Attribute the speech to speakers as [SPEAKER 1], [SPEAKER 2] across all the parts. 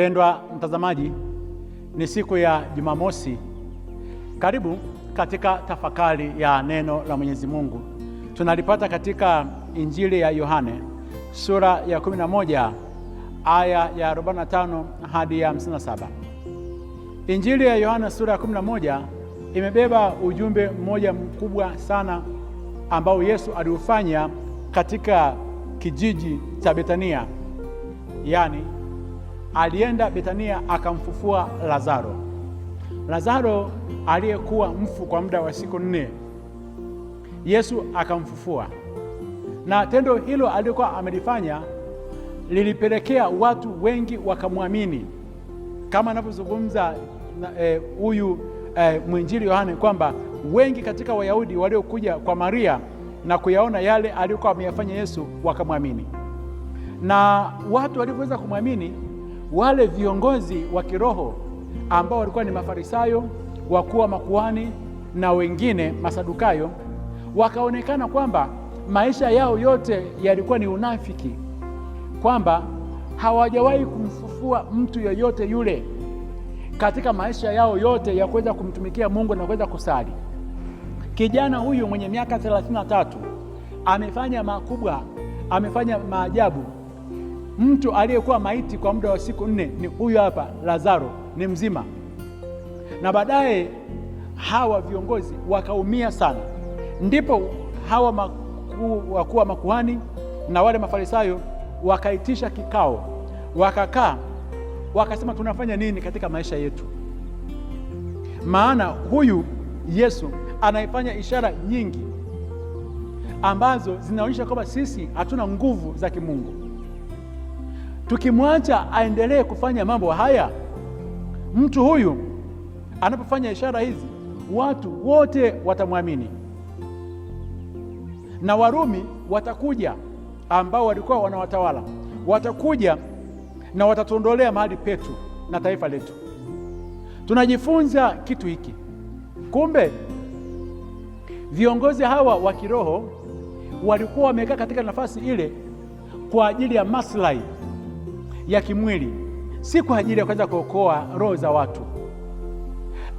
[SPEAKER 1] Pendwa mtazamaji, ni siku ya Jumamosi. Karibu katika tafakari ya neno la Mwenyezi Mungu. Tunalipata katika Injili ya Yohane sura ya 11 aya ya 45 hadi ya 57. Injili ya Yohane sura ya 11 imebeba ujumbe mmoja mkubwa sana ambao Yesu aliufanya katika kijiji cha Betania, yaani alienda betania akamfufua Lazaro. Lazaro aliyekuwa mfu kwa muda wa siku nne, Yesu akamfufua, na tendo hilo aliyokuwa amelifanya lilipelekea watu wengi wakamwamini, kama anavyozungumza eh, huyu e, e, mwinjili Yohane kwamba wengi katika Wayahudi waliokuja kwa Maria na kuyaona yale aliyokuwa ameyafanya Yesu wakamwamini, na watu walivyoweza kumwamini wale viongozi wa kiroho ambao walikuwa ni Mafarisayo, wakuu wa makuhani na wengine Masadukayo, wakaonekana kwamba maisha yao yote yalikuwa ni unafiki, kwamba hawajawahi kumfufua mtu yoyote yule katika maisha yao yote ya kuweza kumtumikia Mungu na kuweza kusali. Kijana huyu mwenye miaka 33 amefanya makubwa, amefanya maajabu Mtu aliyekuwa maiti kwa muda wa siku nne ni huyu hapa Lazaro, ni mzima. Na baadaye hawa viongozi wakaumia sana, ndipo hawa maku, wakuu wa makuhani na wale mafarisayo wakaitisha kikao, wakakaa wakasema, tunafanya nini katika maisha yetu? Maana huyu Yesu anaifanya ishara nyingi ambazo zinaonyesha kwamba sisi hatuna nguvu za kimungu. Tukimwacha aendelee kufanya mambo haya, mtu huyu anapofanya ishara hizi, watu wote watamwamini na Warumi watakuja ambao walikuwa wanawatawala, watakuja na watatuondolea mahali petu na taifa letu. Tunajifunza kitu hiki, kumbe viongozi hawa wa kiroho walikuwa wamekaa katika nafasi ile kwa ajili ya maslahi ya kimwili, si kwa ajili ya kuweza kuokoa roho za watu.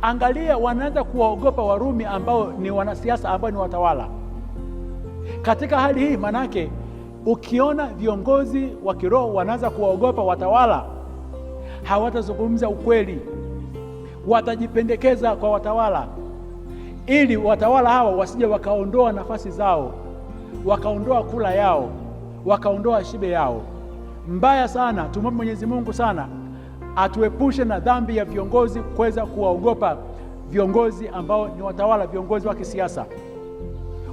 [SPEAKER 1] Angalia, wanaanza kuwaogopa Warumi ambao ni wanasiasa ambao ni watawala. Katika hali hii, manake ukiona viongozi wa kiroho wanaanza kuwaogopa watawala, hawatazungumza ukweli, watajipendekeza kwa watawala ili watawala hawa wasije wakaondoa nafasi zao, wakaondoa kula yao, wakaondoa shibe yao mbaya sana. Tumwombe Mwenyezi Mungu sana atuepushe na dhambi ya viongozi kuweza kuwaogopa viongozi ambao ni watawala, viongozi wa kisiasa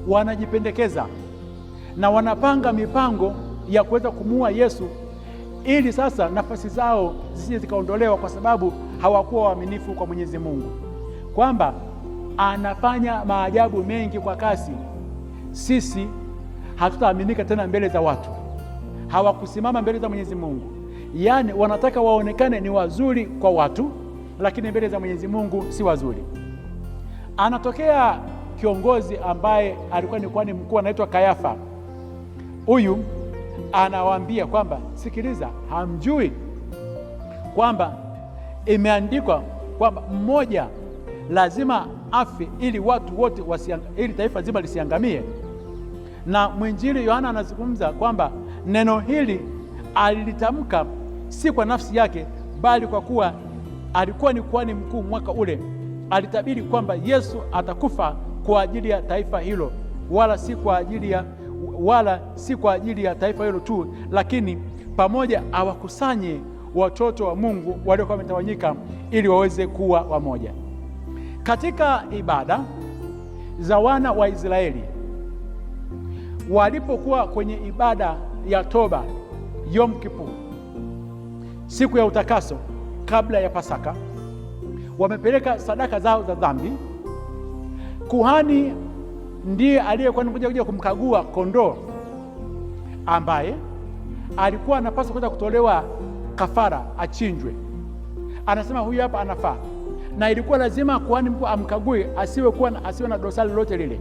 [SPEAKER 1] wanajipendekeza na wanapanga mipango ya kuweza kumuua Yesu ili sasa nafasi zao zisije zikaondolewa, kwa sababu hawakuwa waaminifu kwa Mwenyezi Mungu, kwamba anafanya maajabu mengi kwa kasi. Sisi hatutaaminika tena mbele za watu hawakusimama mbele za Mwenyezi Mungu. Yaani wanataka waonekane ni wazuri kwa watu, lakini mbele za Mwenyezi Mungu si wazuri. Anatokea kiongozi ambaye alikuwa ni kwani mkuu anaitwa Kayafa. Huyu anawaambia kwamba sikiliza, hamjui kwamba imeandikwa kwamba mmoja lazima afi ili watu wote wasi, ili taifa zima lisiangamie. Na mwinjili Yohana anazungumza kwamba Neno hili alilitamka si kwa nafsi yake, bali kwa kuwa alikuwa ni kuhani mkuu mwaka ule. Alitabiri kwamba Yesu atakufa kwa ajili ya taifa hilo, wala si kwa ajili ya wala si kwa ajili ya taifa hilo tu, lakini pamoja awakusanye watoto wa Mungu waliokuwa wametawanyika ili waweze kuwa wamoja. Katika ibada za wana wa Israeli walipokuwa kwenye ibada ya toba, Yom Kippur, siku ya utakaso kabla ya Pasaka, wamepeleka sadaka zao za dhambi. Kuhani ndiye aliyekuwa anakuja kuja kumkagua kondoo ambaye alikuwa anapaswa kwenda kutolewa kafara, achinjwe. Anasema huyu hapa anafaa, na ilikuwa lazima kuhani mkuu amkague asiwe kuwa asiwe na dosari lolote lile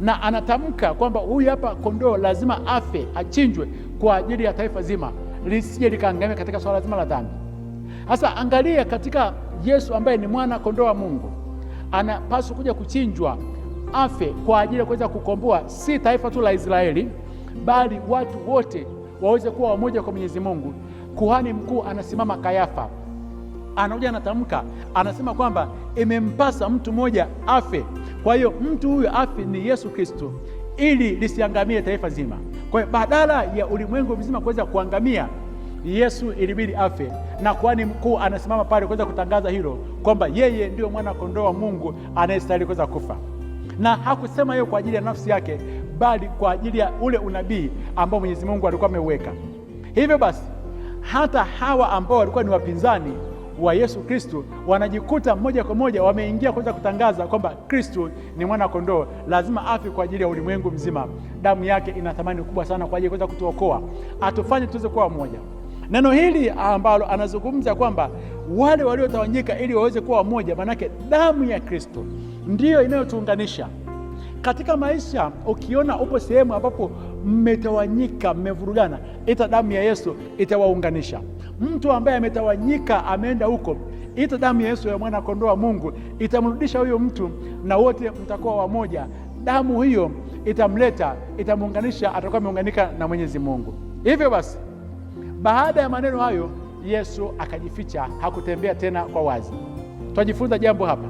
[SPEAKER 1] na anatamka kwamba huyu hapa kondoo lazima afe, achinjwe kwa ajili ya taifa zima lisije likaangamia katika swala zima la dhambi. Sasa angalia katika Yesu ambaye ni mwana kondoo wa Mungu, anapaswa kuja kuchinjwa, afe kwa ajili ya kuweza kukomboa si taifa tu la Israeli, bali watu wote waweze kuwa wamoja kwa Mwenyezi Mungu. Kuhani mkuu anasimama Kayafa anakuja anatamka, anasema kwamba imempasa mtu mmoja afe, kwa hiyo mtu huyo afe ni Yesu Kristo, ili lisiangamie taifa zima. Kwa hiyo badala ya ulimwengu mzima kuweza kuangamia, Yesu ilibidi afe, na kwani mkuu anasimama pale kuweza kutangaza hilo kwamba yeye ndiyo mwana kondoo wa Mungu anayestahili kuweza kufa, na hakusema hiyo kwa ajili ya nafsi yake, bali kwa ajili ya ule unabii ambao Mwenyezi Mungu alikuwa ameuweka. Hivyo basi hata hawa ambao walikuwa ni wapinzani wa Yesu Kristo wanajikuta moja kwa moja wameingia kuweza kutangaza kwamba Kristo ni mwana kondoo, lazima afi kwa ajili ya ulimwengu mzima. Damu yake ina thamani kubwa sana kwa ajili ya kuweza kutuokoa, atufanye tuweze kuwa moja. Neno hili ambalo anazungumza kwamba wale waliotawanyika ili waweze kuwa moja, maanake damu ya Kristo ndiyo inayotuunganisha katika maisha. Ukiona upo sehemu ambapo mmetawanyika, mmevurugana, ita damu ya Yesu itawaunganisha. Mtu ambaye ametawanyika ameenda huko, ita damu ya Yesu ya mwana kondoo wa Mungu itamrudisha huyo mtu, na wote mtakuwa wamoja. Damu hiyo itamleta, itamuunganisha, atakuwa ameunganika na Mwenyezi Mungu. Hivyo basi, baada ya maneno hayo Yesu akajificha, hakutembea tena kwa wazi. Twajifunza jambo hapa,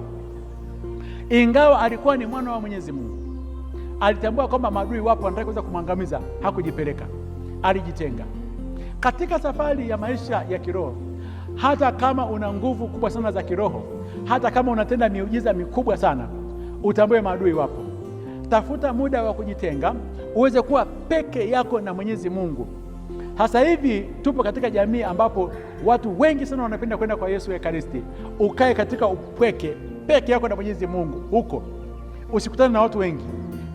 [SPEAKER 1] ingawa alikuwa ni mwana wa Mwenyezi Mungu, alitambua kwamba maadui wapo, anataka kuweza kumwangamiza, hakujipeleka, alijitenga. Katika safari ya maisha ya kiroho, hata kama una nguvu kubwa sana za kiroho, hata kama unatenda miujiza mikubwa sana, utambue maadui wapo. Tafuta muda wa kujitenga, uweze kuwa peke yako na Mwenyezi Mungu. Sasa hivi tupo katika jamii ambapo watu wengi sana wanapenda kwenda kwa Yesu Ekaristi. Ukae katika upweke peke yako na Mwenyezi Mungu, huko usikutane na watu wengi.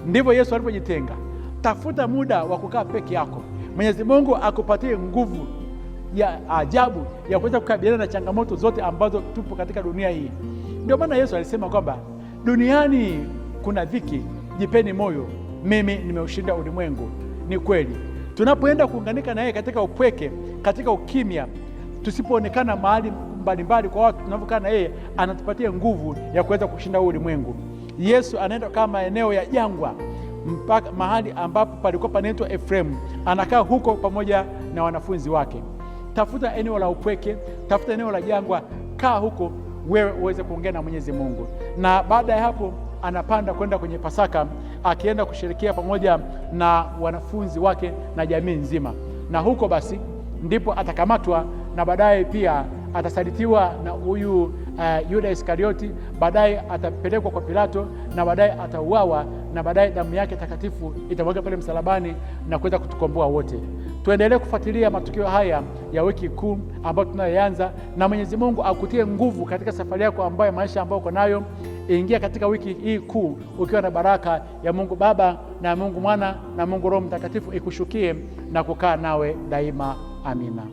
[SPEAKER 1] Ndivyo Yesu alipojitenga. Tafuta muda wa kukaa peke yako. Mwenyezi Mungu akupatie nguvu ya ajabu ya kuweza kukabiliana na changamoto zote ambazo tupo katika dunia hii. Ndio maana Yesu alisema kwamba duniani kuna dhiki, jipeni moyo, mimi nimeushinda ulimwengu. Ni kweli, tunapoenda kuunganika na yeye katika upweke, katika ukimya, tusipoonekana mahali mbalimbali kwa watu, tunavyokaa na yeye, anatupatia nguvu ya kuweza kushinda huu ulimwengu. Yesu anaenda kama maeneo ya jangwa mpaka mahali ambapo palikuwa panaitwa Efraimu. Anakaa huko pamoja na wanafunzi wake. Tafuta eneo la upweke, tafuta eneo la jangwa, kaa huko wewe uweze kuongea na Mwenyezi Mungu. Na baada ya hapo anapanda kwenda kwenye Pasaka, akienda kusherekea pamoja na wanafunzi wake na jamii nzima. Na huko basi ndipo atakamatwa na baadaye pia atasalitiwa na huyu uh, Yuda Iskarioti. Baadaye atapelekwa kwa Pilato na baadaye atauawa na baadaye damu yake takatifu itamwaga pale msalabani na kuweza kutukomboa wote. Tuendelee kufuatilia matukio haya ya wiki kuu ambayo tunayoanza, na Mwenyezi Mungu akutie nguvu katika safari yako ambayo maisha ambayo uko nayo. Ingia katika wiki hii kuu ukiwa na baraka ya Mungu Baba na Mungu Mwana na Mungu Roho Mtakatifu ikushukie na kukaa nawe daima. Amina.